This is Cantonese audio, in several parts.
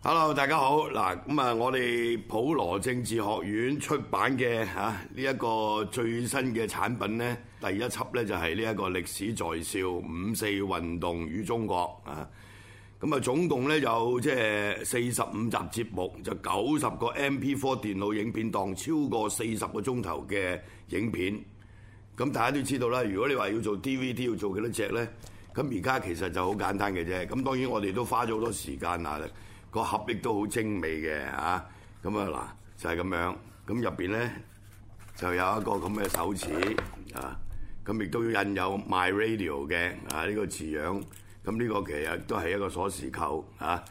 Hello 大家好嗱。咁啊，我哋普羅政治學院出版嘅嚇呢一個最新嘅產品咧，第一輯咧就係呢一個歷史在笑五四運動與中國啊。咁啊，總共咧有即係四十五集節目，就九十個 M P four 電腦影片檔，超過四十個鐘頭嘅影片。咁大家都知道啦，如果你話要做 D V D，要做幾多隻咧？咁而家其實就好簡單嘅啫。咁當然我哋都花咗好多時間啊。個盒亦都好精美嘅嚇，咁啊嗱就係咁樣，咁入邊咧就有一個咁嘅手指啊，咁亦都要印有 MyRadio 嘅啊呢個字樣，咁呢個其實都係一個鎖匙扣啊，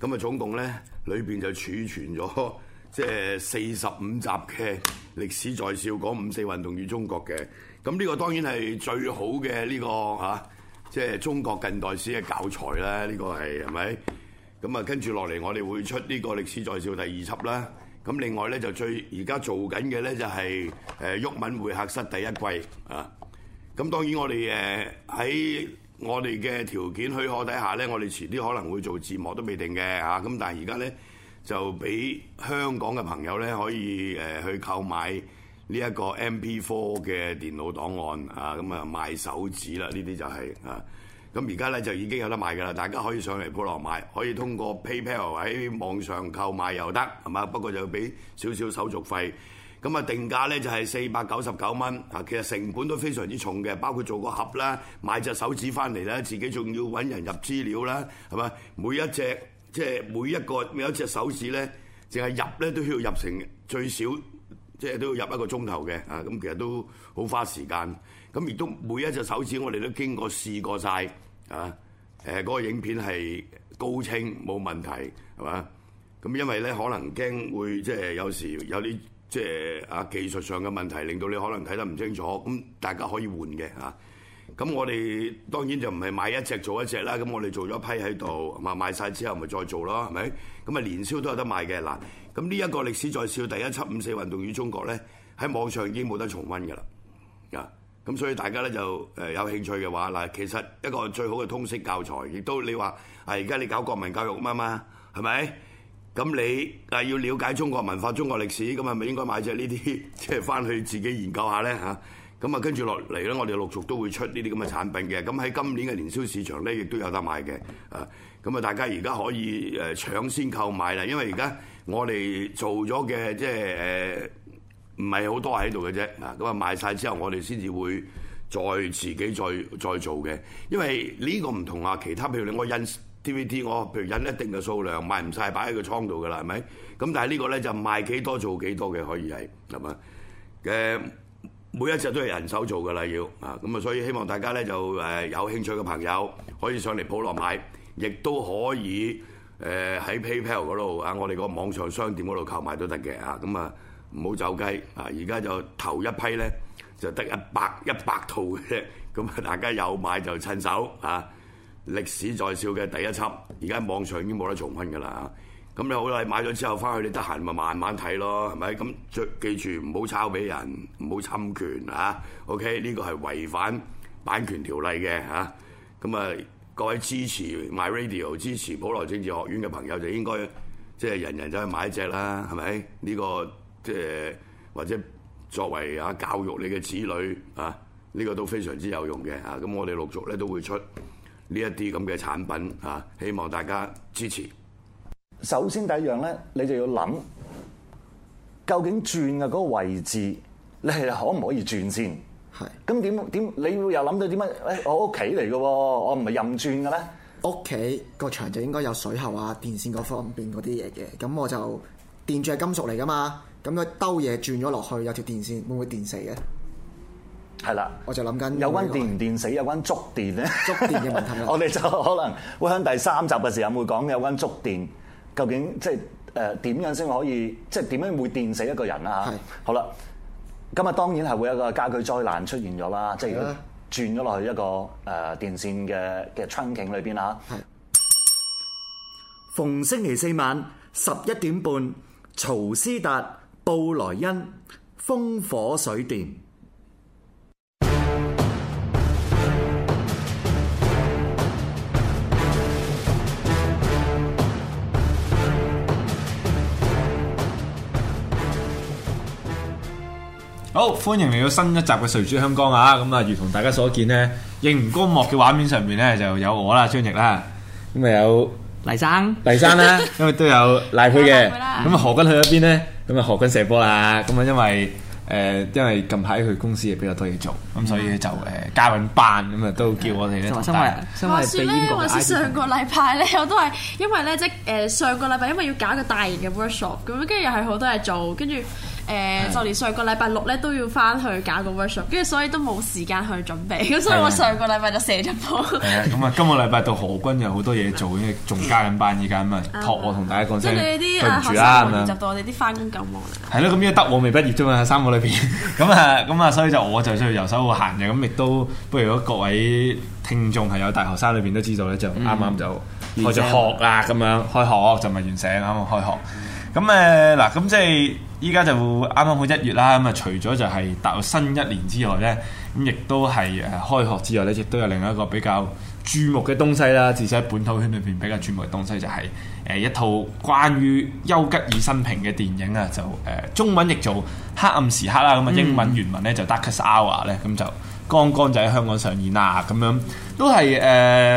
咁啊總共咧裏邊就儲存咗即係四十五集嘅歷史在笑講五四運動與中國嘅，咁呢個當然係最好嘅呢個嚇，即係中國近代史嘅教材啦，呢個係係咪？咁啊，跟住落嚟，我哋會出呢個歷史再造第二輯啦。咁另外呢，就最而家做緊嘅呢，就係誒毓民會客室第一季啊。咁、啊、當然我哋誒喺我哋嘅條件許可底下呢，我哋遲啲可能會做字幕都未定嘅嚇。咁、啊、但係而家呢，就俾香港嘅朋友呢，可以誒、啊、去購買呢一個 M P four 嘅電腦檔案啊。咁啊，啊賣手指啦，呢啲就係啊。咁而家咧就已經有得賣㗎啦，大家可以上嚟鋪頭買，可以通過 PayPal 喺網上購買又得，係嘛？不過就要俾少少手續費。咁啊定價咧就係四百九十九蚊。啊，其實成本都非常之重嘅，包括做個盒啦，買隻手指翻嚟啦，自己仲要揾人入資料啦，係嘛？每一隻即係每一個，每一個，每一隻手指咧，淨係入咧都需要入成最少，即係都要入一個鐘頭嘅。啊，咁其實都好花時間。咁亦都每一隻手指，我哋都經過試過晒，啊！誒、呃，嗰、那個影片係高清冇問題，係嘛？咁因為咧，可能驚會即係、呃、有時有啲即係啊技術上嘅問題，令到你可能睇得唔清楚。咁、嗯、大家可以換嘅吓。咁、啊、我哋當然就唔係買一隻做一隻啦。咁我哋做咗批喺度，嘛賣晒之後咪再做囉，係咪？咁啊，年宵都有得賣嘅嗱。咁呢一個歷史在笑第一輯五四運動與中國咧，喺網上已經冇得重温㗎啦啊！咁所以大家咧就誒有興趣嘅話，嗱，其實一個最好嘅通識教材，亦都你話，啊而家你搞國民教育啊嘛，係咪？咁你啊要了解中國文化、中國歷史，咁係咪應該買隻呢啲，即係返去自己研究下咧嚇？咁啊跟住落嚟咧，我哋陸續都會出呢啲咁嘅產品嘅。咁喺今年嘅年宵市場咧，亦都有得買嘅。啊，咁啊大家而家可以誒搶先購買啦，因為而家我哋做咗嘅即係誒。呃唔係好多喺度嘅啫，嗱咁啊賣晒之後，我哋先至會再自己再再做嘅，因為呢個唔同啊，其他譬如你我印 DVD，我譬如印一定嘅數量，賣唔晒擺喺個倉度嘅啦，係咪？咁但係呢個咧就賣幾多做幾多嘅，可以係咁咪？誒，每一隻都係人手做嘅啦，要啊咁啊，所以希望大家咧就誒有興趣嘅朋友可以上嚟普羅買，亦都可以誒喺 PayPal 嗰度喺我哋個網上商店嗰度購買都得嘅啊，咁啊。唔好走雞啊！而家就頭一批咧，就得一百一百套嘅。咁啊，大家有買就趁手啊！歷史在笑嘅第一輯，而家網上已經冇得重溫噶啦。咁你好啦，買咗之後翻去，你得閒咪慢慢睇咯，係咪？咁記住唔好抄俾人，唔好侵權啊。OK，呢個係違反版權條例嘅嚇。咁啊，各位支持 My Radio、支持普羅政治學院嘅朋友，就應該即係、就是、人人走去買一隻啦，係咪？呢、呢個即係或者作為啊，教育你嘅子女啊，呢個都非常之有用嘅啊。咁我哋陸續咧都會出呢一啲咁嘅產品啊，希望大家支持。首先第一樣咧，你就要諗究竟轉嘅嗰個位置，你係可唔可以轉先？係咁點點？你又諗到點解，誒，我屋企嚟嘅喎，我唔係任轉嘅咧。屋企個牆就應該有水喉啊、電線嗰方面嗰啲嘢嘅。咁我就電住係金屬嚟㗎嘛。咁咧，兜嘢轉咗落去，有條電線，會唔會電死嘅？係啦的，我就諗緊，有關電唔電死，有關觸電咧，觸電嘅問題。我哋就可能會喺第三集嘅時候會講，有關觸電，究竟即係誒點樣先可以，即係點樣會電死一個人啦、啊？嚇，是的 好啦，今日當然係會有一個家居災難出現咗啦，是的 即係轉咗落去一個誒、呃、電線嘅嘅窗景裏邊啦。是的 逢星期四晚十一點半，曹思達。布萊恩，烽火水電，好歡迎嚟到新一集嘅《誰主香江》啊！咁啊，如同大家所見咧，熒光幕嘅畫面上面咧就有我啦，張翼啦，咁啊有黎生，黎生咧，因為都有賴佢嘅，咁啊何君去咗邊咧？咁啊學緊射波啦，咁啊因為誒、呃、因為近排佢公司又比較多嘢做，咁、嗯、所以就誒加緊班，咁啊都叫我哋咧，但係話説咧，話説、呃、上個禮拜咧，我都係因為咧即誒上個禮拜因為要搞一個大型嘅 workshop，咁跟住又係好多嘢做，跟住。誒，就連、呃、是吧 上個禮拜六咧都要翻去搞個 workshop，跟住所以都冇時間去準備，咁是的 所以我上個禮拜就射咗波的。咁啊， 今個禮拜到何君有好多嘢做，因為仲加緊班依家咁啊，託我同大家講聲，跟住啲啊學生學習到我哋啲翻工咁忙。啦。係咯，咁因為得我未畢業啫嘛，三個裏邊，咁啊，咁啊，所以就我就需要游手好閒嘅，咁亦都不如。如果各位聽眾係有大學生裏邊都知道咧，就啱啱就開始學啊，咁樣、嗯嗯嗯嗯、開、開學就咪完成。啱啱開學。咁誒，嗱、嗯，咁、嗯嗯嗯、即係。依家就啱啱好一月啦，咁啊除咗就係踏入新一年之外呢，咁亦都係誒開學之後呢，亦都有另一個比較注目嘅東西啦。至少喺本土圈裏邊比較注目嘅東西就係、是、誒、呃、一套關於丘吉爾生平嘅電影啊，就誒、呃、中文譯做《黑暗時刻》啦，咁啊英文原文呢，就《Darkest Hour》呢，咁就剛剛就喺香港上演啦，咁樣都係誒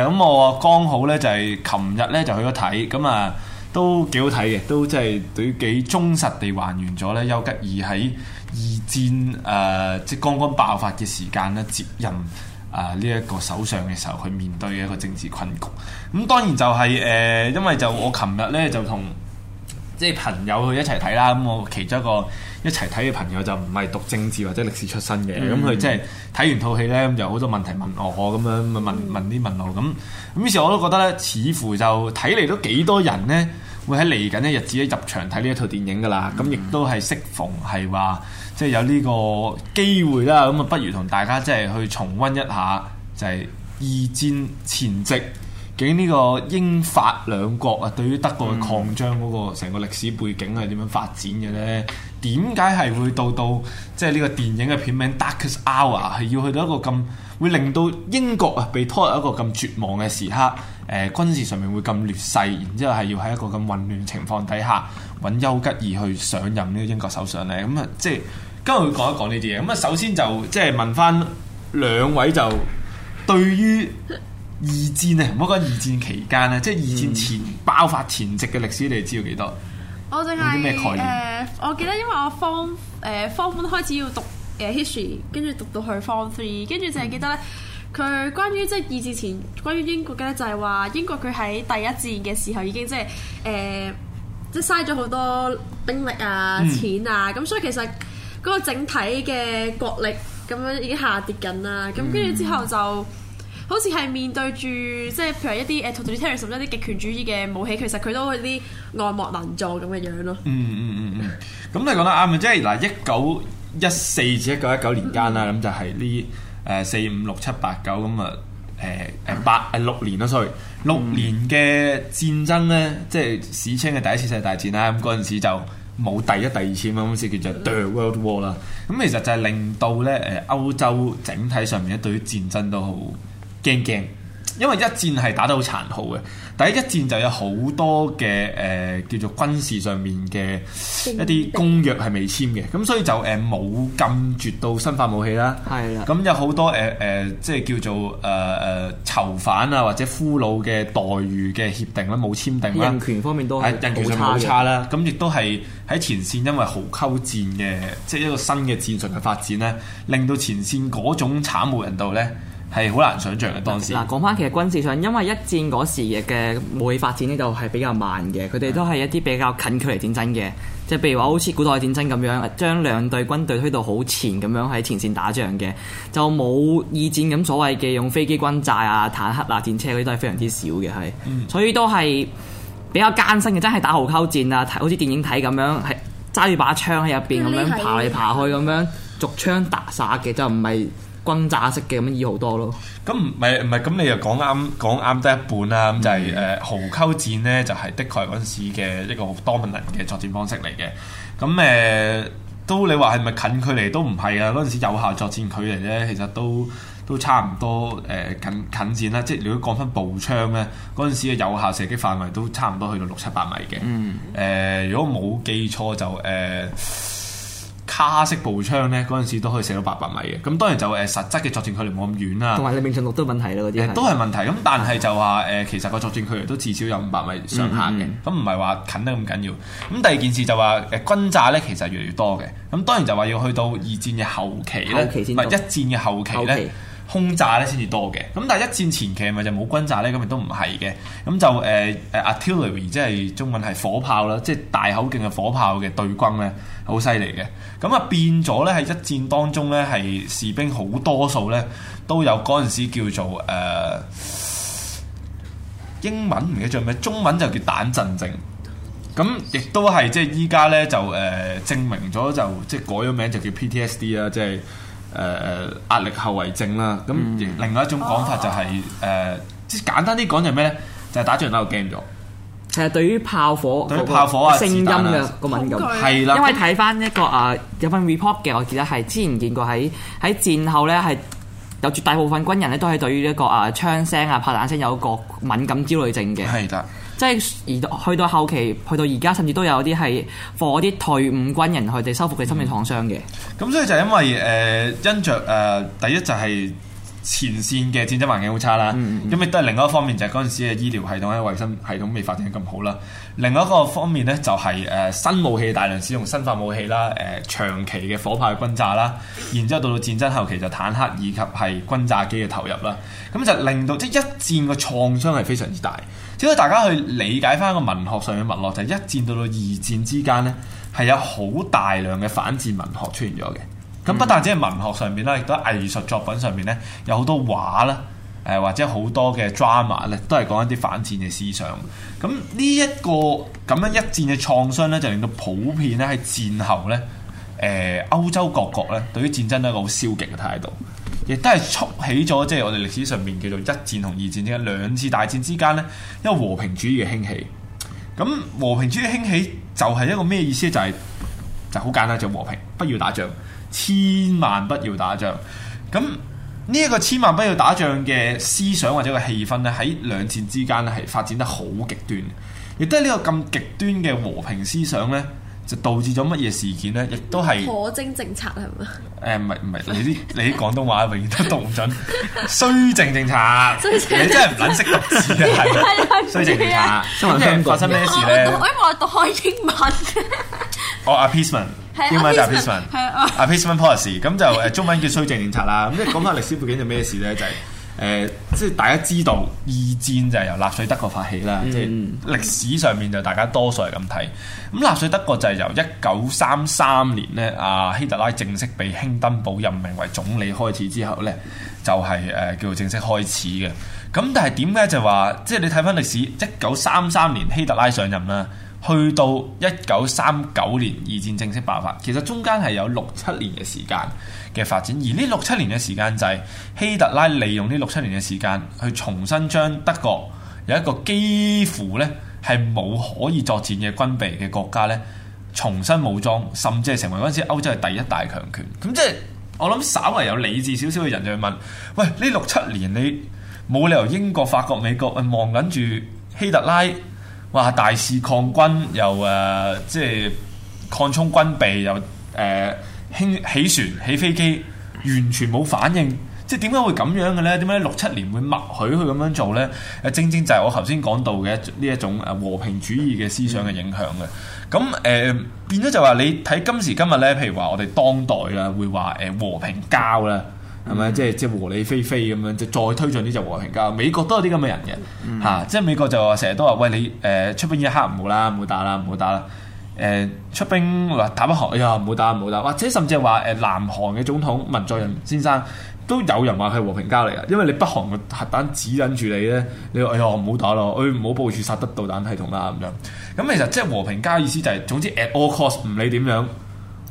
咁我剛好呢，就係琴日呢，就去咗睇，咁啊。都幾好睇嘅，都真係對於幾忠實地還原咗咧丘吉爾喺二戰誒、呃、即剛剛爆發嘅時間咧接任啊呢一個首相嘅時候，佢面對嘅一個政治困局。咁、嗯、當然就係、是、誒、呃，因為就我琴日咧就同即係朋友去一齊睇啦，咁、嗯、我其中一個。一齊睇嘅朋友就唔係讀政治或者歷史出身嘅，咁佢即係睇完套戲呢，咁就好多問題問我咁樣問、嗯、問啲問路咁。咁於是我都覺得咧，似乎就睇嚟都幾多人呢會喺嚟緊嘅日子入場睇呢一套電影噶啦。咁亦、嗯、都係適逢係話，即、就、係、是、有呢個機會啦。咁啊，不如同大家即係去重溫一下，就係《二戰前夕》。究竟呢個英法兩國啊，對於德國嘅擴張嗰個成個歷史背景係點樣發展嘅呢？點解係會到到即係呢個電影嘅片名《Darkest Hour》係要去到一個咁會令到英國啊被拖入一個咁絕望嘅時刻？誒、呃，軍事上面會咁劣勢，然之後係要喺一個咁混亂情況底下揾丘吉爾去上任呢個英國首相呢？咁、嗯、啊，即係跟佢講一講呢啲嘢。咁啊，首先就即係問翻兩位就對於。二戰啊，唔好講二戰期間咧，即係二戰前、嗯、爆發前夕嘅歷史，你哋知道幾多？我凈係咩概念？誒，我記得因為我方誒、呃、方本開始要讀誒、呃、history，跟住讀到去 form three，跟住淨係記得佢、嗯、關於即係二戰前關於英國咧，就係、是、話英國佢喺第一戰嘅時候已經即係誒，即係嘥咗好多兵力啊、錢啊，咁、嗯、所以其實嗰個整體嘅國力咁樣已經下跌緊啦，咁跟住之後就。好似係面對住即係譬如一啲誒 totalitarian 一啲極權主義嘅武器，其實佢都係啲愛莫能助咁嘅樣咯、嗯。嗯嗯嗯，咁、嗯、你講得啱， 即係嗱一九一四至一九一九年間啦，咁、嗯、就係呢誒四五六七八九咁啊誒誒八誒六年咯，所以六年嘅戰爭咧，即係史稱嘅第一次世界大戰啦。咁嗰陣時就冇第一第二次嘛，咁先叫做 The World War 啦、嗯。咁、嗯、其實就係令到咧誒歐洲整體上面咧對於戰爭都好，驚驚，因為一戰係打得好殘酷嘅，但係一戰就有好多嘅誒、呃，叫做軍事上面嘅一啲公約係未簽嘅，咁 所以就誒冇禁絕到生化武器啦。係啊， 咁有好多誒誒，即、呃、係叫做誒誒、呃、囚犯啊或者俘虜嘅待遇嘅協定啦，冇簽定啦。人權方面都係冇差啦，咁亦 都係喺前線，因為壕溝戰嘅，即、就、係、是、一個新嘅戰術嘅發展咧，令到前線嗰種慘無人道咧。係好難想像嘅當時。嗱，講翻其實軍事上，因為一戰嗰時嘅武器發展呢，就係比較慢嘅。佢哋都係一啲比較近距離戰爭嘅，即係譬如話好似古代戰爭咁樣，將兩隊軍隊推到好前咁樣喺前線打仗嘅，就冇二戰咁所謂嘅用飛機轟炸啊、坦克啊、戰車嗰啲都係非常之少嘅，係。嗯、所以都係比較艱辛嘅，真係打壕溝戰啊，好似電影睇咁樣，係揸住把槍喺入邊咁樣爬嚟爬去咁樣，逐槍打殺嘅，就唔係。轟炸式嘅咁樣依好多咯，咁唔係，唔係咁，你又講啱，講啱得一半啦，咁、嗯、就係誒壕溝戰呢，就係、是、的確嗰陣時嘅一個好 dominant 嘅作戰方式嚟嘅。咁誒、呃、都你話係咪近距離都唔係啊？嗰陣時有效作戰距離咧，其實都都差唔多誒、呃、近近戰啦。即係如果講翻步槍咧，嗰陣時嘅有效射擊範圍都差唔多去到六七百米嘅。嗯誒、呃，如果冇記錯就誒。呃卡式步槍咧，嗰陣時都可以射到八百米嘅。咁當然就誒、呃、實質嘅作戰距離冇咁遠啦、啊。同埋你命中率都問題咯，嗰啲、呃。都係問題。咁但係就話誒、呃，其實個作戰距離都至少有五百米上下嘅。咁唔係話近得咁緊要。咁第二件事就話誒轟炸咧，其實越嚟越多嘅。咁當然就話要去到二戰嘅後期咧，唔係一戰嘅後期咧。空炸咧先至多嘅，咁但係一戰前期咪就冇轟炸咧，咁亦都唔係嘅，咁就誒誒、呃、artillery 即係中文係火炮啦，即係大口徑嘅火炮嘅對轟咧，好犀利嘅，咁啊變咗咧喺一戰當中咧係士兵好多數咧都有嗰陣時叫做誒、呃、英文唔記得咗咩，中文就叫彈震症，咁亦都係即係依家咧就誒、呃、證明咗就即係改咗名就叫 PTSD 啦，即係。誒誒、呃、壓力後遺症啦，咁、嗯、另外一種講法就係、是、誒，即、啊呃、簡單啲講就係咩咧？就係、是、打仗打到驚咗。其實對於炮火，對炮火啊聲音嘅個敏感係啦，啊、因為睇翻一個啊有份 report 嘅，我記得係之前見過喺喺戰後呢，係有絕大部分軍人呢，都係對於一個啊槍聲啊炮彈聲有一個敏感焦慮症嘅。係。即係而去到後期，去到而家，甚至都有啲係幫啲退伍軍人佢哋修復佢心理創傷嘅、嗯。咁所以就因為誒、呃，因着誒、呃，第一就係前線嘅戰爭環境好差啦，咁亦都係另外一方面就係嗰陣時嘅醫療系統、喺衞生系統未發展得咁好啦。另外一個方面咧就係誒新武器大量使用生化武器啦，誒、呃、長期嘅火炮轟炸啦，然之後到到戰爭後期就坦克以及係轟炸機嘅投入啦，咁就令到即一戰嘅創傷係非常之大。如果大家去理解翻個文學上嘅脈絡，就係、是、一戰到到二戰之間咧，係有好大量嘅反戰文學出現咗嘅。咁、嗯、不但只係文學上面啦，亦都藝術作品上面咧，有好多畫啦，誒、呃、或者好多嘅 drama 咧，都係講一啲反戰嘅思想。咁呢一個咁樣一戰嘅創傷咧，就令到普遍咧喺戰後咧，誒、呃、歐洲各國咧，對於戰爭都係一個好消極嘅態度。亦都係促起咗，即係我哋歷史上面叫做一戰同二戰之間，兩次大戰之間呢一個和平主義嘅興起。咁和平主義興起就係一個咩意思呢？就係就好簡單，就和平，不要打仗，千萬不要打仗。咁呢一個千萬不要打仗嘅思想或者個氣氛咧，喺兩戰之間咧係發展得好極端。亦都係呢個咁極端嘅和平思想呢。就導致咗乜嘢事件咧？亦都係火政政策係咪？誒唔係唔係，你啲你啲廣東話永遠都讀唔準綏靖政策。綏靖政策，你真係唔撚識讀字啊！綏靖政策，發生咩事咧？因為我讀開英文，哦，appeasement，英文叫 appeasement，appeasement policy，咁就誒中文叫綏靖政策啦。咁即係講翻歷史背景就咩事咧？就係。誒、呃，即係大家知道，二戰就係由納粹德國發起啦。嗯、即係歷史上面就大家多數係咁睇。咁納粹德國就係由一九三三年咧，阿、啊、希特拉正式被興登堡任命為總理開始之後咧，就係、是、誒、啊、叫做正式開始嘅。咁但係點解就話、是，即係你睇翻歷史，一九三三年希特拉上任啦。去到一九三九年，二戰正式爆發。其實中間係有六七年嘅時間嘅發展，而呢六七年嘅時間就係，希特拉利用呢六七年嘅時間去重新將德國有一個幾乎呢係冇可以作戰嘅軍備嘅國家呢重新武裝，甚至係成為嗰陣時歐洲嘅第一大強權。咁即係我諗，稍微有理智少少嘅人就會問：喂，呢六七年你冇理由英國、法國、美國誒望緊住希特拉。哇！大肆擴軍，又誒、呃，即係擴充軍備，又誒，興、呃、起船、起飛機，完全冇反應。即係點解會咁樣嘅咧？點解六七年會默許佢咁樣做咧？誒，正正就係我頭先講到嘅呢一種誒和平主義嘅思想嘅影響嘅。咁誒、嗯呃、變咗就話你睇今時今日咧，譬如話我哋當代啦，會話誒和平交啦。係咪即係即係和理非非咁樣？就再推進呢就和平膠。美國都有啲咁嘅人嘅嚇、嗯啊，即係美國就話成日都話喂，你誒、呃、出兵一刻唔好啦，唔好打啦，唔好打啦。誒、呃、出兵話打北韓，哎呀唔好打唔好打。或者甚至係話誒南韓嘅總統文在寅先生都有人話係和平膠嚟啊，因為你北韓嘅核彈指引住你咧，你話哎呀唔好打咯，佢唔好部署薩德導彈系統啦咁樣。咁、嗯、其實即係和平膠嘅意思就係、是、總之 at all cost 唔理點樣。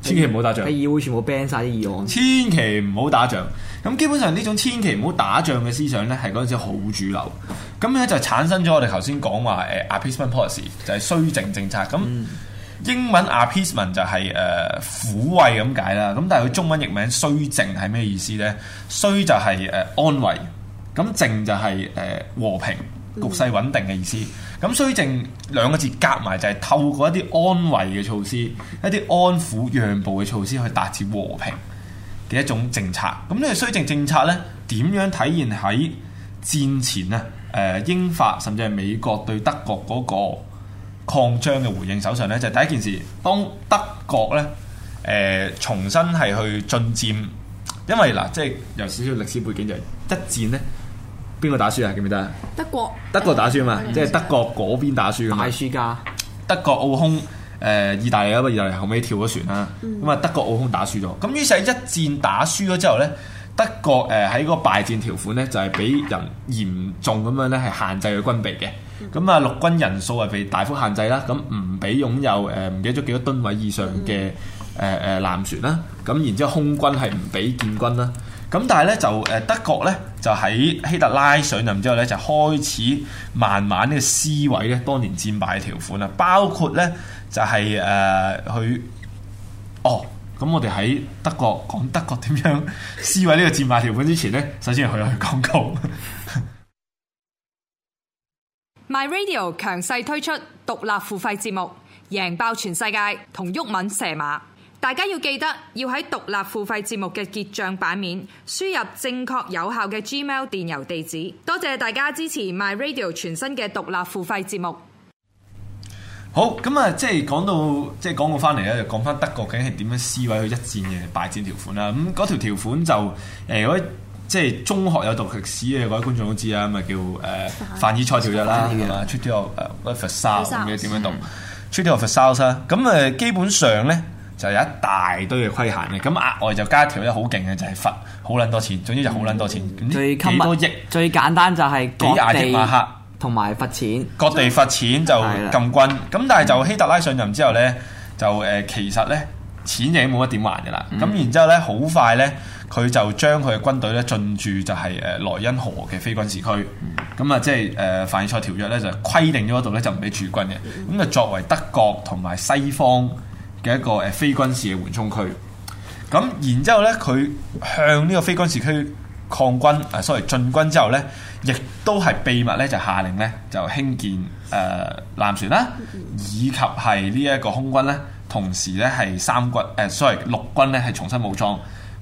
千祈唔好打仗，啲議會全部 ban 曬啲議案。千祈唔好打仗，咁基本上呢種千祈唔好打仗嘅思想咧，係嗰陣時好主流。咁咧就產生咗我哋頭先講話誒 appeasement policy，就係綏靖政策。咁英文 appeasement 就係誒撫慰咁解啦。咁但係佢中文譯名綏靖係咩意思咧？綏就係誒安慰，咁靖就係誒和平。局勢穩定嘅意思，咁綏靖兩個字夾埋就係透過一啲安慰嘅措施、一啲安撫讓步嘅措施去達至和平嘅一種政策。咁呢個綏靖政策呢，點樣體現喺戰前呢？誒、呃，英法甚至係美國對德國嗰個擴張嘅回應手上呢？就係、是、第一件事，當德國呢，誒、呃、重新係去進佔，因為嗱、呃，即係有少少歷史背景就係一戰呢。邊個打輸啊？記唔記得啊？德國，德國打輸啊嘛，嗯、即係德國嗰邊打輸啊。敗輸㗎。德國奧匈誒、呃、意大利啊，不過意大利後尾跳咗船啦。咁啊、嗯，德國奧匈打輸咗。咁於是一戰打輸咗之後咧，德國誒喺個敗戰條款咧就係俾人嚴重咁樣咧係限制佢軍備嘅。咁啊、嗯，陸軍人數係被大幅限制啦。咁唔俾擁有誒唔、呃、記得咗幾多噸位以上嘅誒誒艦船啦。咁然之後空軍係唔俾建軍啦。咁但係咧就誒德國咧就喺希特拉上任之後咧就開始慢慢呢個思維咧，當年戰敗條款啦，包括咧就係誒去哦，咁我哋喺德國講德國點樣思維呢個戰敗條款之前咧，首先我要去廣告 My Radio 強勢推出獨立付費節目，贏爆全世界同鬱敏射馬。大家要記得要喺獨立付費節目嘅結賬版面輸入正確有效嘅 Gmail 電郵地址。多謝大家支持 My Radio 全新嘅獨立付費節目。好咁啊、嗯，即係講到即係講我翻嚟咧，就講翻德國究竟係點樣思維去一戰嘅敗戰條款啦。咁、嗯、嗰條條款就誒，如、欸、即係中學有讀歷史嘅各位觀眾都知啊，咁咪叫誒凡爾賽條約啦，啊，條誒 Treaty of、uh, Versailles 唔知點樣讀，條 Versailles 啦。咁誒基本上咧。就有一大堆嘅規限嘅，咁額外就加一條咧，好勁嘅就係、是、罰好撚多錢，總之就好撚多錢，嗯嗯、幾多億。最簡單就係幾廿億馬克，同埋罰錢，各地罰錢就禁軍。咁、嗯、但係就希特拉上任之後咧，就誒、呃、其實咧錢已經冇乜點還嘅啦。咁、嗯、然之後咧，好快咧佢就將佢嘅軍隊咧進駐就係誒萊茵河嘅非軍事區。咁啊即係誒凡爾賽條約咧就規定咗度咧就唔俾駐軍嘅。咁就作為德國同埋西方。嘅一個誒非軍事嘅緩衝區，咁然之後呢，佢向呢個非軍事區抗軍，誒所謂進軍之後呢，亦都係秘密呢，就下令呢，就興建誒、呃、艦船啦，以及係呢一個空軍咧，同時呢，係三軍誒，sorry 陸軍呢，係重新武裝。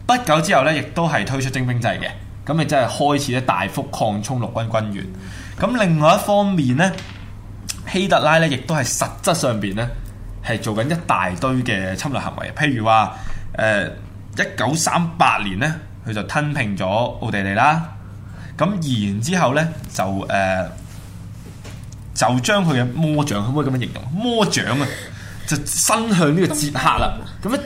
不久之後呢，亦都係推出徵兵制嘅，咁亦即係開始咧大幅擴充陸軍軍員。咁另外一方面呢，希特拉呢，亦都係實質上邊呢。係做緊一大堆嘅侵略行為，譬如話誒，一九三八年咧，佢就吞併咗奧地利啦。咁然之後咧，就誒、呃、就將佢嘅魔掌可唔可以咁樣形容魔掌啊？就伸向呢個捷克啦。咁啊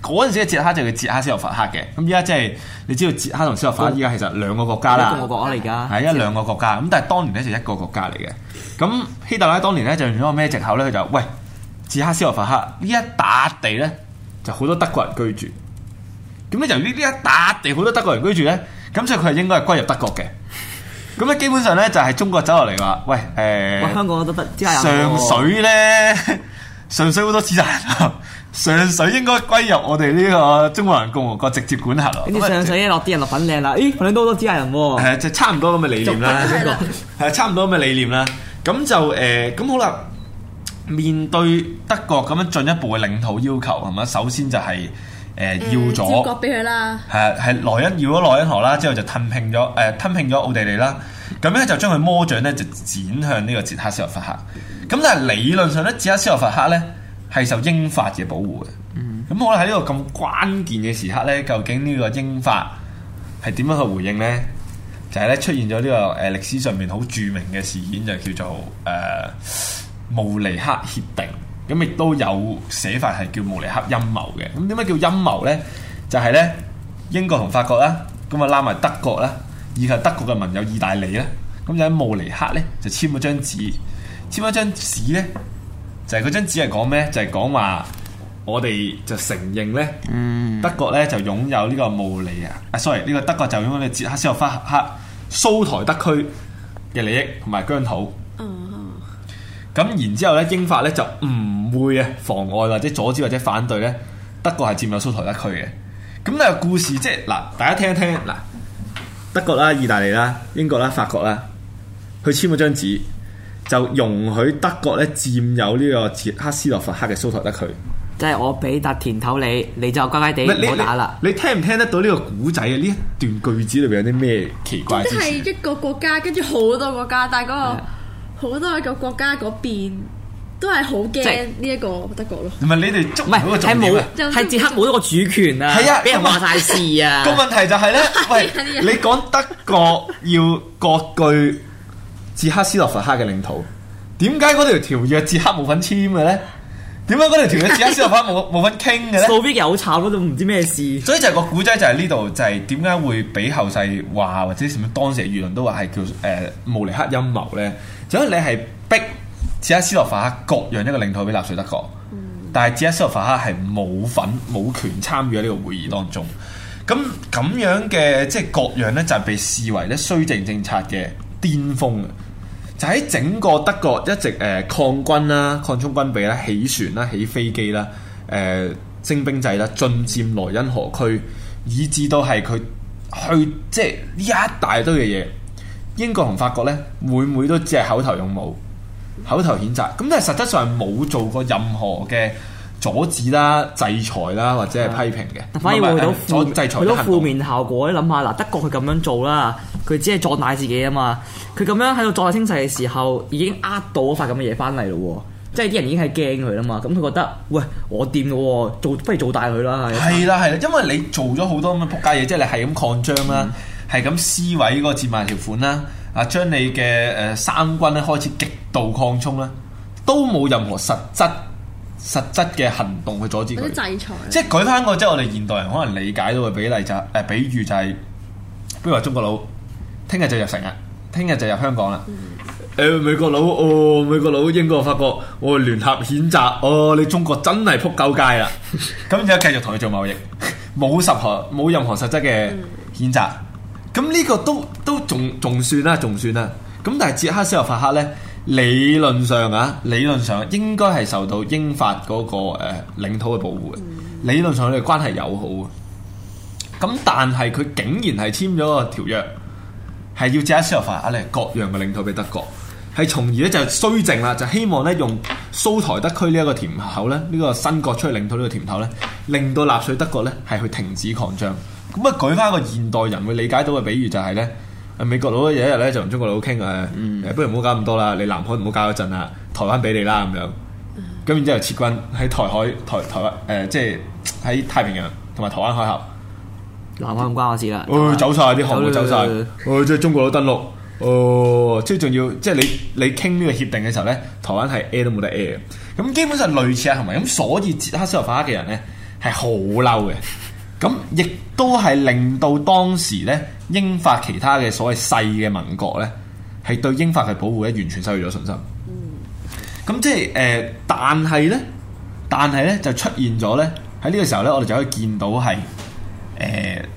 嗰陣時嘅捷克就係捷克斯洛伐克嘅。咁依家即係你知道捷克同斯洛伐克依家其實兩個國家啦，兩個國家嚟噶係一兩個國家。咁但係當年咧就一個國家嚟嘅。咁希特拉當年咧就用咗個咩藉口咧？佢就喂。自捷克斯洛伐克呢一笪地咧，就好多德國人居住。咁咧，由於呢一笪地好多德國人居住咧，咁所以佢係應該係歸入德國嘅。咁咧，基本上咧就係中國走落嚟話，喂誒、呃，香港好多蘇台德人，上水咧，上水好多蘇台德人，上水應該歸入我哋呢個中國人共和國直接管轄咯。啲上水落啲人落粉嶺啦，咦？粉嶺都好多蘇台德人喎。啊、呃，就差唔多咁嘅理念啦，呢個係啊，差唔多咁嘅理念啦。咁 就誒，咁、呃、好啦。面對德國咁樣進一步嘅領土要求，係咪？首先就係、是、誒、呃嗯、要咗俾佢啦，係係萊恩要咗萊茵河啦，之後就吞並咗誒吞並咗奧地利啦，咁咧就將佢魔掌咧就剪向呢個捷克斯洛伐克。咁但係理論上咧，捷克斯洛伐克咧係受英法嘅保護嘅。咁、嗯、我喺呢這個咁關鍵嘅時刻咧，究竟呢個英法係點樣去回應咧？就係、是、咧出現咗呢、這個誒、呃、歷史上面好著名嘅事件，就叫做誒。呃呃慕尼黑協定，咁亦都有寫法係叫慕尼黑陰謀嘅，咁點解叫陰謀咧？就係、是、咧英國同法國啦，咁啊拉埋德國啦，以及德國嘅盟友意大利啦，咁就喺慕尼黑咧就簽咗張紙，簽咗張紙咧就係、是、嗰張紙係講咩？就係、是、講話我哋就承認咧，嗯，德國咧就擁有呢個慕尼、嗯、啊，啊，sorry，呢個德國就擁有捷克斯洛伐克蘇台德區嘅利益同埋疆土，嗯。咁然之後咧，英法咧就唔會啊，妨礙或者阻止或者反對咧，德國係佔有蘇台德區嘅。咁呢個故事即係嗱，大家聽一聽。嗱，德國啦、意大利啦、英國啦、法國啦，佢簽咗張紙就容許德國咧佔有呢個捷克斯洛伐克嘅蘇台德區。即係我俾笪甜頭你，你就乖乖地唔好打啦。你聽唔聽得到呢個古仔啊？呢一段句子裏邊有啲咩奇怪？即係一個國家跟住好多國家，但係、那、嗰個。好多一個國家嗰邊都係好驚呢一個德國咯是。唔係你哋唔係係冇，係捷克冇一個主權啊！係啊，俾人話晒事啊不是！個 問題就係、是、咧， 喂， 你講德國要割據捷克斯洛伐克嘅領土，點解嗰條條約捷克冇份簽嘅咧？點解嗰條條友捷克斯洛伐克冇冇份傾嘅咧？必 有慘嗰度唔知咩事。所以就係個古仔就係呢度就係點解會俾後世話或者什麼當時輿論都話係叫誒慕尼克陰謀咧？因、就、為、是、你係逼捷克斯洛伐克割讓一個領土俾納粹德國，嗯、但係捷克斯洛伐克係冇份冇權參與喺呢個會議當中。咁咁樣嘅即係割讓咧，就係、是就是、被視為咧綏靖政策嘅巔峰。就喺整個德國一直誒、呃、抗軍啦、擴充軍備啦、起船啦、起飛機啦、誒、呃、徵兵制啦、進佔萊茵河區，以至到係佢去即係呢一大堆嘅嘢，英國同法國咧每每都只係口頭用武、口頭譴責，咁但係實質上冇做過任何嘅。阻止啦、制裁啦或者係批評嘅，反而為到負，為到、哎、負面效果。你諗下，嗱，德國佢咁樣做啦，佢只係壯大自己啊嘛。佢咁樣喺度壯大清洗嘅時候，已經呃到一塊咁嘅嘢翻嚟咯。即係啲人已經係驚佢啦嘛。咁佢覺得，喂，我掂嘅喎，做不如做大佢啦。係啦係啦，因為你做咗好多咁嘅撲街嘢， 即係你係咁擴張啦，係咁撕毀嗰個戰敗條款啦，啊，將你嘅誒三軍咧開始極度擴充啦，都冇任何實質。實質嘅行動去阻止佢，制裁即係舉翻個即係我哋現代人可能理解到嘅比例就係、是，誒、呃就是，比如就係，比如話中國佬，聽日就入城啦，聽日就入香港啦。誒、嗯呃，美國佬，哦，美國佬，英國發覺，我聯合譴責，哦，你中國真係撲鳩街啦，咁而家繼續同佢做貿易，冇任何冇任何實質嘅譴責，咁呢、嗯、個都都仲仲算啦，仲算啦。咁但係捷克斯洛伐克咧？理論上啊，理論上應該係受到英法嗰個誒領土嘅保護嘅。嗯、理論上，你哋關係友好嘅。咁但係佢竟然係簽咗個條約，係要借刀殺人，啊嚟割讓嘅領土俾德國，係從而咧就綏靖啦，就希望咧用蘇台德區呢一個甜口咧，呢、這個新割出去領土呢個甜口咧，令到納粹德國咧係去停止擴張。咁啊，舉翻一個現代人會理解到嘅比喻就係、是、咧。美國佬有一日咧就同中國佬傾啊，嗯、不如唔好搞咁多啦，你南海唔好搞嗰陣啊，台灣俾你啦咁樣，咁然之後撤軍喺台海、台台灣誒、呃，即係喺太平洋同埋台灣海峽，南海唔關我事啦，哦、走晒啲航母，走晒，即係中國佬登陸，哦，即係仲要 即係你你傾呢個協定嘅時候咧，台灣係 a 都冇得 a，咁基本上類似啊，係咪？咁所以捷克斯洛伐克嘅人咧係好嬲嘅。 咁亦都係令到當時咧，英法其他嘅所謂細嘅民國咧，係對英法嘅保護咧，完全失去咗信心。咁、嗯、即係誒、呃，但係咧，但係咧就出現咗咧，喺呢個時候咧，我哋就可以見到係誒，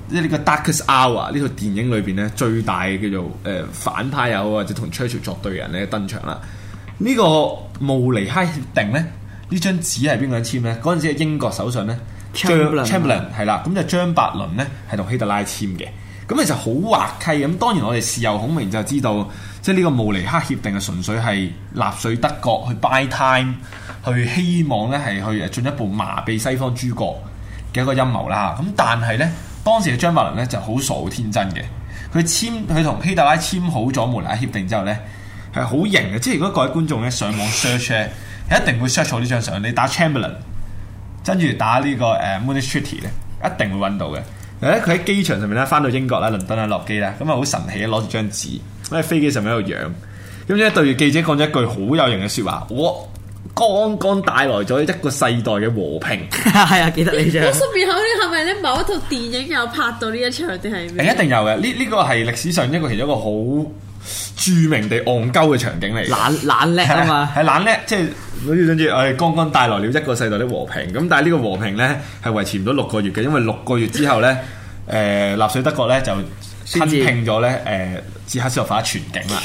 即係呢個《Darkest Hour》呢套電影裏邊咧，最大叫做誒、呃、反派友或者同 Churchill 作對人咧登場啦。這個、呢個慕尼黑協定咧，呢張紙係邊個人簽咧？嗰陣時係英國手上咧。Chamberlain 係啦，咁就張伯倫咧係同希特拉簽嘅，咁其實好滑稽。咁當然我哋事後孔明就知道，即係呢個慕尼黑協定係純粹係納，納粹德國去 buy time，去希望咧係去進一步麻痺西方諸國嘅一個陰謀啦。咁但係咧，當時嘅張伯倫咧就好傻好天真嘅，佢簽佢同希特拉簽好咗慕尼黑協定之後咧，係好型嘅。即係如果各位觀眾咧上網 search，一定會 search 到呢張相。你打 Chamberlain。跟住打呢個誒 Munich Treaty 咧，一定會揾到嘅。嗱咧，佢喺機場上面咧，翻到英國啦，倫敦啦，落機啦，咁啊好神奇啊，攞住張紙喺飛機上面喺度樣。咁之後對住記者講咗一句好有型嘅説話：我剛剛帶來咗一個世代嘅和平。係 啊，記得你咋？咁面口你係咪咧？某一套電影有拍到呢一場定係？咩？一定有嘅。呢呢、呢個係歷史上一個其中一個好著名地戇鳩嘅場景嚟，懶懶叻啊嘛，係懶叻，即係好似好似，唉，剛剛帶來了一個世代的和平。咁但係呢個和平咧係維持唔到六個月嘅，因為六個月之後咧，誒、呃、納粹德國咧就吞併咗咧，誒捷才、呃、克斯洛伐克全境啦。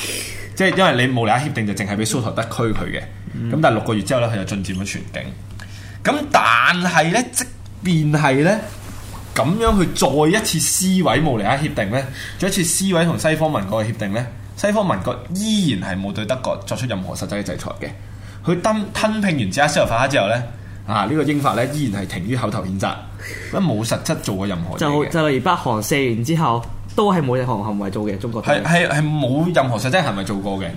即係因為你慕尼黑協定就淨係俾蘇台德區佢嘅，咁、嗯、但係六個月之後咧佢就進佔咗全境。咁但係咧，即便係咧咁樣去再一次撕毀慕尼黑協定咧，再一次撕毀同西方民國嘅協定咧。西方盟國依然係冇對德國作出任何實際嘅制裁嘅。佢吞吞併完自後，斯洛伐克之後咧，啊呢、這個英法咧依然係停於口頭譴責，都冇實質做過任何，就就例如北韓四完之後，都係冇任何行為做嘅。中國係係係冇任何實際行為做過嘅。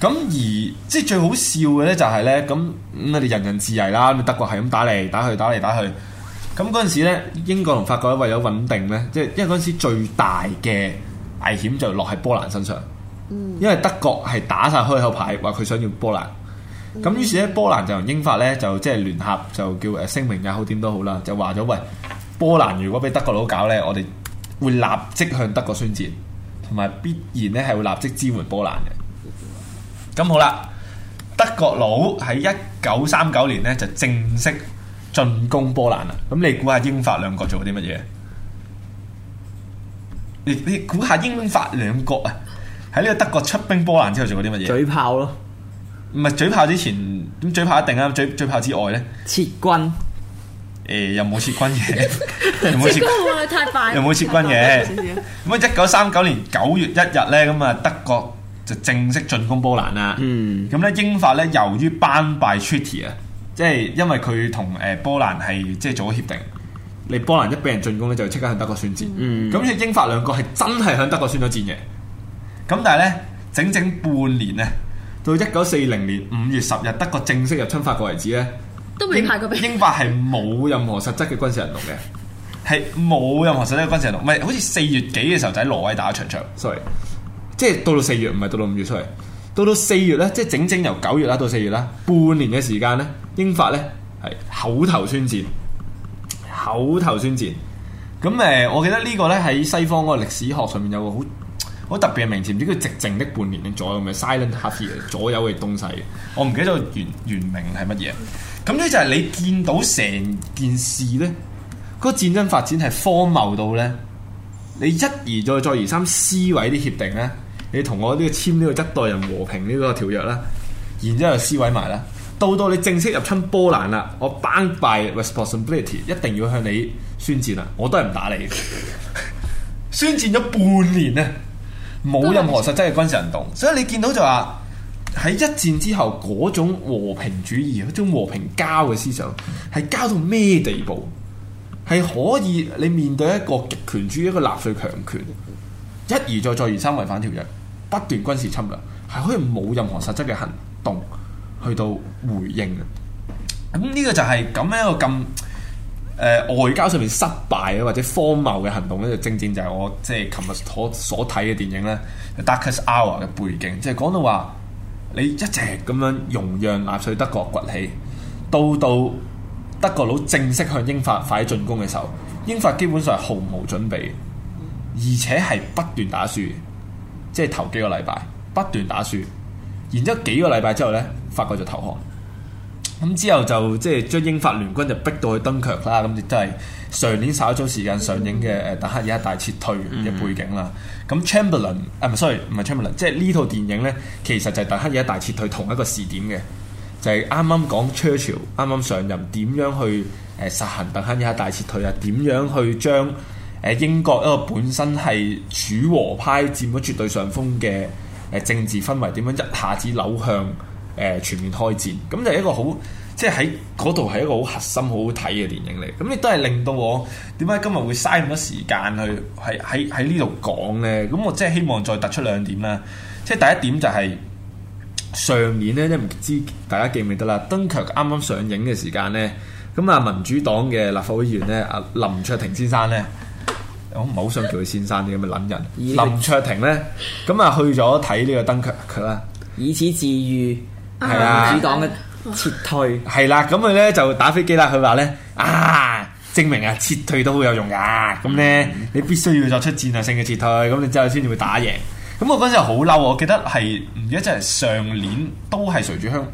咁 而即係最好笑嘅咧、就是，就係咧咁我哋人人自危啦。德國係咁打嚟打去，打嚟打去。咁嗰陣時咧，英國同法國為咗穩定咧，即係因為嗰陣時最大嘅危險就落喺波蘭身上。因為德國係打晒開口牌，話佢想要波蘭，咁於、嗯、是咧波蘭就同英法咧就即係聯合，就叫誒聲明又好點都好啦，就話咗喂，波蘭如果俾德國佬搞咧，我哋會立即向德國宣戰，同埋必然咧係會立即支援波蘭嘅。咁好啦，德國佬喺一九三九年咧就正式進攻波蘭啦。咁你估下英法兩國做啲乜嘢？你你估下英法兩國啊？喺呢個德國出兵波蘭之後做咗啲乜嘢？嘴炮咯，唔係嘴炮之前咁嘴炮一定啊！嘴嘴炮之外咧，撤軍，誒又冇撤軍嘅，又冇撤軍嘅， 又冇撤軍嘅。咁啊， 一九三九年九月一日咧，咁啊德國就正式進攻波蘭啦。嗯，咁咧英法咧由於班拜 Treaty 啊，即係因為佢同誒波蘭係即係做咗協定，嗯、你波蘭一俾人進攻咧就即刻向德國宣戰。嗯，咁所以英法兩國係真係向德國宣咗戰嘅。咁但係咧，整整半年啊，到一九四零年五月十日德國正式入侵法國為止咧，都未派過兵，英、英法係冇任何實質嘅軍事行動嘅，係冇 任何實質嘅軍事行動，唔係好似四月幾嘅時候就喺挪威打一場仗，sorry，即係到到四月唔係到到五月出嚟，到到四月咧，即係整整由九月啦到四月啦，半年嘅時間咧，英法咧係口頭宣戰，口頭宣戰，咁誒，我記得呢個咧喺西方嗰個歷史學上面有個好。好特別嘅名詞，唔知叫寂靜的半年你左右，咪 Silent Half Year 左右嘅東西我唔記得咗原原名係乜嘢。咁呢就係你見到成件事呢，嗰、嗰個戰爭發展係荒謬到呢。你一而再，再而三撕毀啲協定呢，你同我呢個簽呢個一代人和平個條呢個條約啦，然之後又撕毀埋啦，到到你正式入侵波蘭啦，我 bound by responsibility 一定要向你宣戰啦，我都係唔打你， 宣戰咗半年呢。冇任何實質嘅軍事行動，所以你見到就話喺一戰之後嗰種和平主義、嗰種和平交嘅思想，係交到咩地步？係可以你面對一個極權主義、一個納粹強權，一而再、再而三違反條約，不斷軍事侵略，係可以冇任何實質嘅行動去到回應嘅。咁呢個就係咁樣一個咁。誒、呃、外交上面失敗啊，或者荒謬嘅行動咧，就正正就係我即係琴日所所睇嘅電影咧，《Darkest Hour》嘅背景，即係講到話你一直咁樣容讓納粹德國崛起，到到德國佬正式向英法發起進攻嘅時候，英法基本上係毫無準備，而且係不斷打輸，即係頭幾個禮拜不斷打輸，然之後幾個禮拜之後咧，法國就投降。咁之後就即係將英法聯軍就逼到去登強啦，咁亦都係上年稍早時間上映嘅《誒大黑衣一大撤退》嘅背景啦。咁 Chamberlain、mm、啊，唔係 sorry，唔係 Chamberlain，即係呢套電影呢，其實就係特克衣一大撤退同一個視點嘅，就係啱啱講 Churchill 啱啱上任點樣去誒實行特克衣一大撤退啊？點樣去將誒英國一個本身係主和派佔咗絕對上風嘅誒政治氛圍點樣一下子扭向，誒全面開戰，咁就係一個好，即係喺嗰度係一個好核心、好好睇嘅電影嚟。咁亦都係令到我點解今日會嘥咁多時間去喺喺喺呢度講呢？咁我真係希望再突出兩點啦。即係第一點就係、是、上年呢，你唔知大家記唔記得啦？《登場》啱啱上映嘅時間呢。咁啊民主黨嘅立法會議員呢，阿林卓廷先生呢，我唔係好想叫佢先生你咁樣諗人。林卓廷呢，咁啊去咗睇呢個登《登場》佢啦，以此自愈。係啊，啊民主黨嘅撤退係啦，咁佢咧就打飛機啦。佢話咧啊，證明啊撤退都好有用噶。咁、啊、咧、嗯嗯、你必須要作出戰略性嘅撤退，咁你之後先至會打贏。咁我嗰陣好嬲，我記得係唔記得即係上年都係隨住香，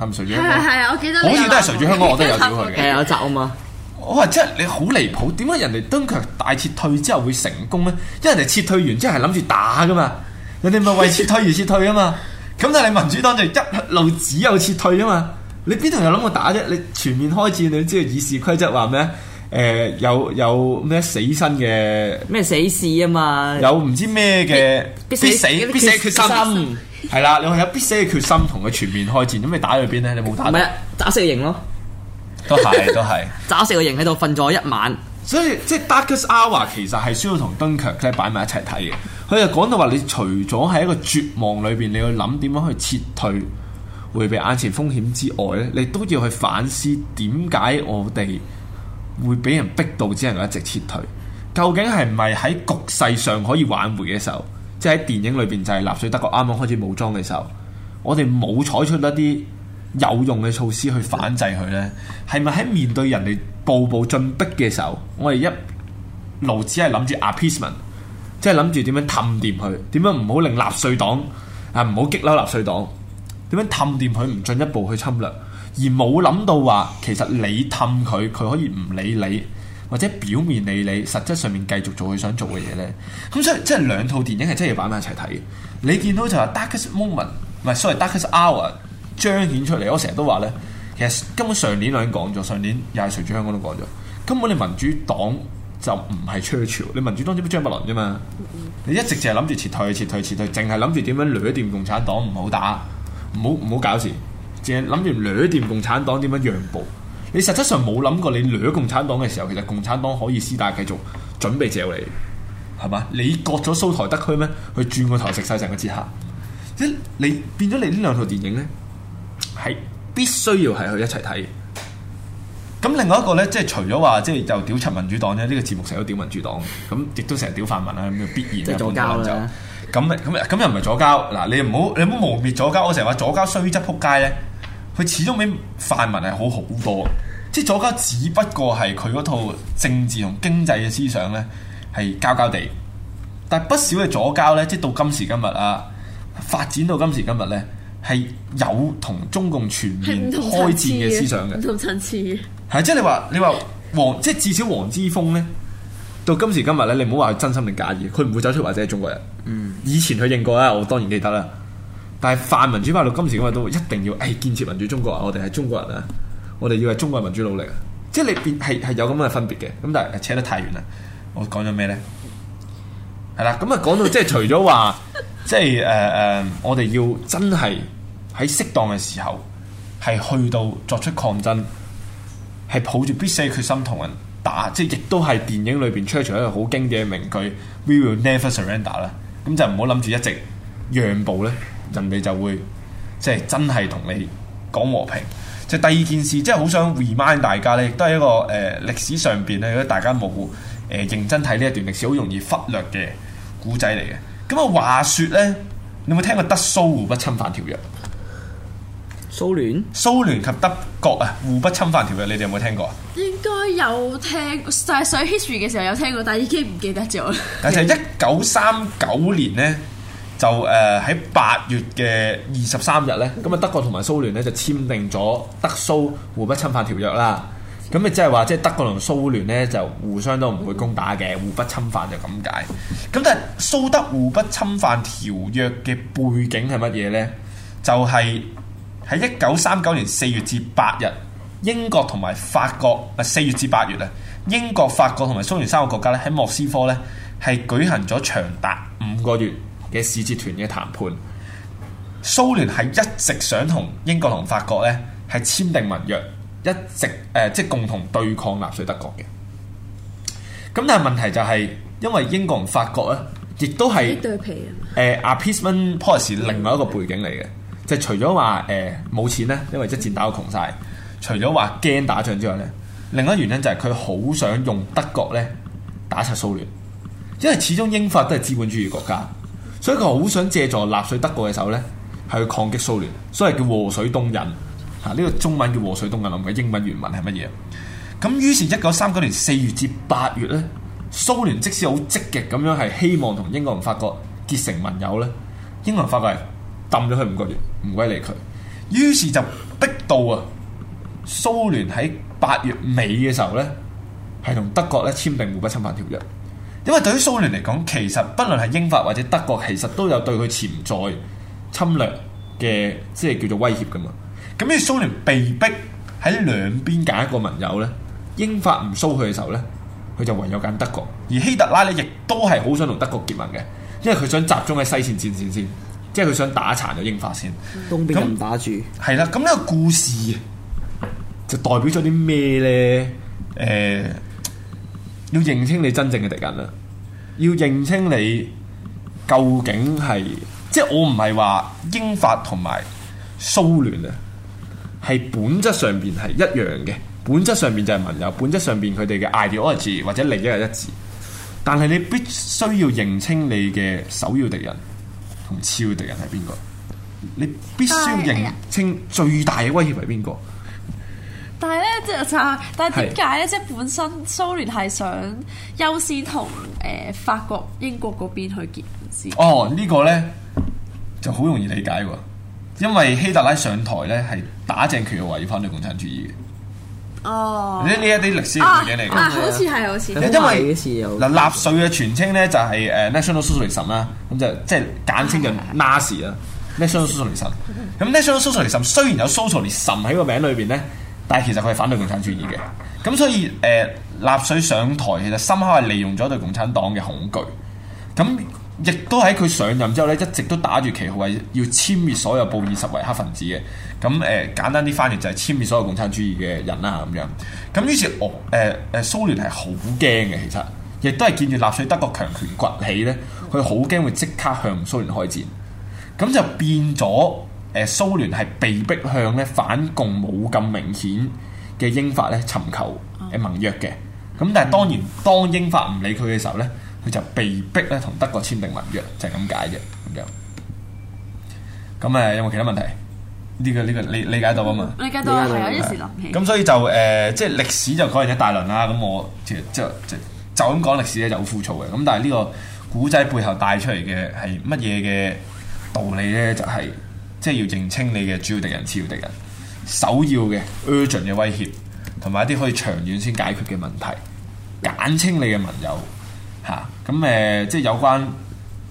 係咪隨住？係係係，我記得好似都係隨住香港， 我都有跳去嘅。係有集啊嘛，我話即係你好離譜，點解人哋登強大撤退之後會成功咧？因為人哋撤退完之後係諗住打噶嘛，人哋咪為撤退而撤，而撤， 而撤退啊嘛。咁但係你民主黨就一路只有撤退啊嘛！你邊度有諗過打啫？你全面開戰，你都知道議事規則話咩？誒、呃，有有咩死身嘅咩死事啊嘛？有唔知咩嘅必，必死，必死，必死決心，係啦， 你話有必死嘅決心同佢全面開戰，咁你打去邊咧？你冇打唔係打死佢贏咯，都係都係打死佢贏喺度瞓咗一晚。所以即係、就是、Darkest Hour 其實係需要同 Dunkirk 即係擺埋一齊睇嘅。佢就講到話，你除咗喺一個絕望裏邊，你去諗點樣去撤退，回避眼前風險之外咧，你都要去反思點解我哋會俾人逼到只能夠一直撤退？究竟係唔係喺局勢上可以挽回嘅時候？即係喺電影裏邊就係納粹德國啱啱開始武裝嘅時候，我哋冇採取一啲有用嘅措施去反制佢咧，係咪喺面對人哋步步進逼嘅時候，我哋一路只係諗住 appeasement？即係諗住點樣氹掂佢，點樣唔好令納粹黨啊，唔好激嬲納粹黨，點樣氹掂佢唔進一步去侵略，而冇諗到話其實你氹佢，佢可以唔理你，或者表面理你，實質上面繼續做佢想做嘅嘢咧。咁所以即係兩套電影係真係要擺埋一齊睇，你見到就係 Darkest Moment，唔係 sorry Darkest Hour 彰顯出嚟。我成日都話咧，其實根本上年已經講咗，上年又係隨住香港都講咗。根本你民主黨，就唔係邱吉爾，你民主黨只乜張伯倫啫嘛？你一直就係諗住撤退、撤退、撤退，淨係諗住點樣掠掂共產黨，唔好打，唔好唔好搞事，淨係諗住掠掂共產黨點樣讓步。你實質上冇諗過，你掠共產黨嘅時候，其實共產黨可以私底下繼續準備接嚟，係嘛？你割咗蘇台德區咩？去轉個頭食晒成個捷克。即你變咗你呢兩套電影咧，係必須要係去一齊睇。咁另外一個咧，即係除咗話即係就屌柒民主黨咧，呢個節目成日都屌民主黨，咁亦都成日屌泛民啦，咁必然嘅必然咁咁咁又唔係左膠嗱？你唔好你唔好污蔑左膠，我成日話左膠雖則撲街咧，佢始終比泛民係好好多，即係左膠只不過係佢嗰套政治同經濟嘅思想咧係交交地，但係不少嘅左膠咧，即係到今時今日啊，發展到今時今日咧係有同中共全面開戰嘅思想嘅，唔同層次嘅。係，即係你話，你話黃，即係至少黃之鋒咧，到今時今日咧，你唔好話佢真心定假意，佢唔會走出或者係中國人。嗯，以前佢認過啦，我當然記得啦。但係泛民主派到今時今日都一定要，誒、欸，建設民主中國啊！我哋係中國人啊，我哋要為中國民主努力。即係你變係係有咁嘅分別嘅。咁但係扯得太遠啦。我講咗咩咧？係啦，咁啊，講到即係除咗話，即係誒誒，我哋要真係喺適當嘅時候，係去到作出抗爭，係抱住必死嘅決心同人打，即係亦都係電影裏邊出現一個好經典嘅名句，We will never surrender 啦、嗯。咁就唔好諗住一直讓步咧，人哋就會即係真係同你講和平。即係第二件事，即係好想 remind 大家咧，亦都係一個誒、呃、歷史上邊咧，如果大家冇誒、呃、認真睇呢一段歷史，好容易忽略嘅故仔嚟嘅。咁啊話說咧，你有冇聽過《德蘇互不侵犯條約》？蘇聯、蘇聯及德國啊，互不侵犯條約，你哋有冇聽過啊？應該有聽，就係上 history 嘅時候有聽過，但係已經唔記得咗。但就係一九三九年呢，就誒喺八月嘅二十三日呢，咁啊德國同埋蘇聯呢就簽訂咗德蘇互不侵犯條約啦。咁啊即係話，即係德國同蘇聯呢就互相都唔會攻打嘅，互不侵犯就咁解。咁但係蘇德互不侵犯條約嘅背景係乜嘢呢？就係、是。喺一九三九年四月至八日，英國同埋法國，唔係四月至八月啊！英國、法國同埋蘇聯三個國家咧，喺莫斯科咧係舉行咗長達五個月嘅使節團嘅談判。蘇聯係一直想同英國同法國咧係簽訂盟約，一直誒、呃、即係共同對抗納粹德國嘅。咁但係問題就係、是，因為英國同法國咧，亦都係誒 appeasement policy 另外一個背景嚟嘅。即係除咗話誒冇錢咧，因為一戰打到窮晒；除咗話驚打仗之外咧，另一原因就係佢好想用德國咧打柒蘇聯，因為始終英法都係資本主義國家，所以佢好想借助納粹德國嘅手咧，係去抗擊蘇聯，所以叫禍水東引嚇。呢、啊呢個中文叫禍水東引，諗唔係英文原文係乜嘢？咁於是，一九三九年四月至八月咧，蘇聯即使好積極咁樣係希望同英國同法國結成盟友咧，英國同法國係。抌咗佢五個月，唔鬼理佢，於是就逼到啊蘇聯喺八月尾嘅時候呢，係同德國咧簽訂互不侵犯條約。因為對於蘇聯嚟講，其實不論係英法或者德國，其實都有對佢潛在侵略嘅即係叫做威脅㗎嘛。咁所以蘇聯被逼喺兩邊揀一個盟友呢，英法唔蘇佢嘅時候呢，佢就唯有揀德國。而希特拉咧亦都係好想同德國結盟嘅，因為佢想集中喺西線戰線先。即係佢想打殘咗英法先，唔打住？係啦。咁呢個故事就代表咗啲咩咧？誒、呃，要認清你真正嘅敵人啦，要認清你究竟係即係我唔係話英法同埋蘇聯啊，係本質上邊係一樣嘅，本質上邊就係盟友，本質上邊佢哋嘅 ideology 或者利益係一致，但係你必須要認清你嘅首要敵人。唔超嘅敵人係邊個？你必須要認清最大嘅威脅係邊個。但係咧，即係但係點解咧？即係本身蘇聯係想優先同誒、呃、法國、英國嗰邊去結盟先。哦，這個、呢個咧就好容易理解喎，因為希特拉上台咧係打正佢嘅話，要反對共產主義嘅。哦，呢呢一啲歷史背景嚟講，啊，好似係好似，因為嗱納粹嘅全稱咧就係誒 National Socialism 啦、啊。咁就即係簡稱就 Nazi 啦 National Socialism、啊、咁 National Socialism 雖然有 Socialism 喺個名裏邊咧，但係其實佢係反對共產主義嘅。咁所以誒納粹上台，其實深刻係利用咗對共產黨嘅恐懼。咁亦都喺佢上任之後咧，一直都打住旗號係要殲滅所有布爾什維克分子嘅。咁、嗯、誒簡單啲翻譯就係殲滅所有共產主義嘅人啦、啊、咁樣。咁於是俄誒誒蘇聯係好驚嘅，其實亦都係見住納粹德國強權崛起咧，佢好驚會即刻向蘇聯開戰。咁就變咗誒、呃、蘇聯係被逼向咧反共冇咁明顯嘅英法咧尋求盟約嘅。咁但係當然當英法唔理佢嘅時候咧，佢就被逼咧同德國簽訂盟約，就係咁解嘅咁樣。咁、嗯、誒、嗯、有冇其他問題？呢、這個呢、這個你理解到啊嘛。理解到係啊，有時諗起。咁所以就誒、呃，即係歷史就講係一大輪啦。咁我即係即係就咁講歷史咧，就好枯燥嘅。咁但係呢個古仔背後帶出嚟嘅係乜嘢嘅道理咧？就係、是、即係要認清你嘅主要敵人、次要敵人、首要嘅 urgent 嘅威脅，同埋一啲可以長遠先解決嘅問題。揀清你嘅盟友。嚇咁誒，即係有關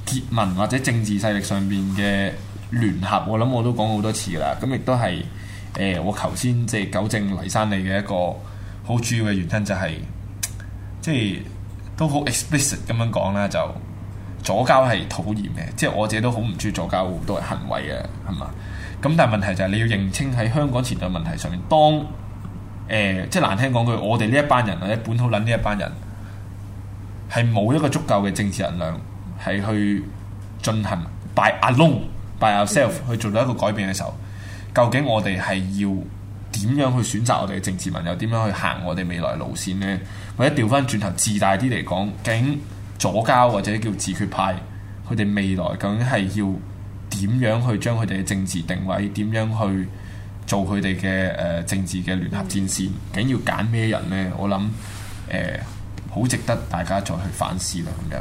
結盟或者政治勢力上邊嘅聯合，我諗我都講好多次啦。咁、嗯、亦都係誒、呃，我頭先即係糾正黎生你嘅一個好主要嘅原因、就是，就係即係都好 explicit 咁樣講咧，就左膠係討厭嘅，即係我自己都好唔中意左膠好多行為嘅，係嘛？咁、嗯、但係問題就係你要認清喺香港前途問題上面，當誒、呃、即係難聽講句，我哋呢一班人或者本土撚呢一班人。係冇一個足夠嘅政治能量，係去進行 by alone by ourself、mm hmm. 去做到一個改變嘅時候，究竟我哋係要點樣去選擇我哋嘅政治盟友，又點樣去行我哋未來路線呢？或者調翻轉頭自大啲嚟講，究竟左膠或者叫自決派，佢哋未來究竟係要點樣去將佢哋嘅政治定位，點樣去做佢哋嘅誒政治嘅聯合戰線？Mm hmm. 究竟要揀咩人呢？我諗誒。呃好值得大家再去反思啦，咁樣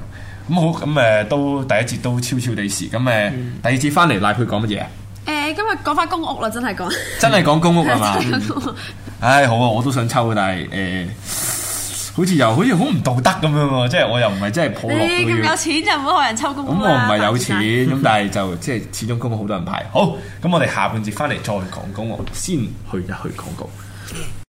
咁、嗯、好咁誒，都、嗯、第一節都悄悄地時，咁、嗯、誒、嗯、第二節翻嚟賴珮講乜嘢？誒、欸，今日講翻公屋啦，真係講、嗯、真係講公屋係嘛？嗯、唉，好啊，我都想抽嘅，但係誒、呃，好似又好似好唔道德咁樣喎，即係我又唔係真係破落咁。你咁有錢就唔好害人抽公屋啦。咁我唔係有錢，咁但係就即係 始終公屋好多人排。好，咁我哋下半節翻嚟再講公屋，先去一去廣告。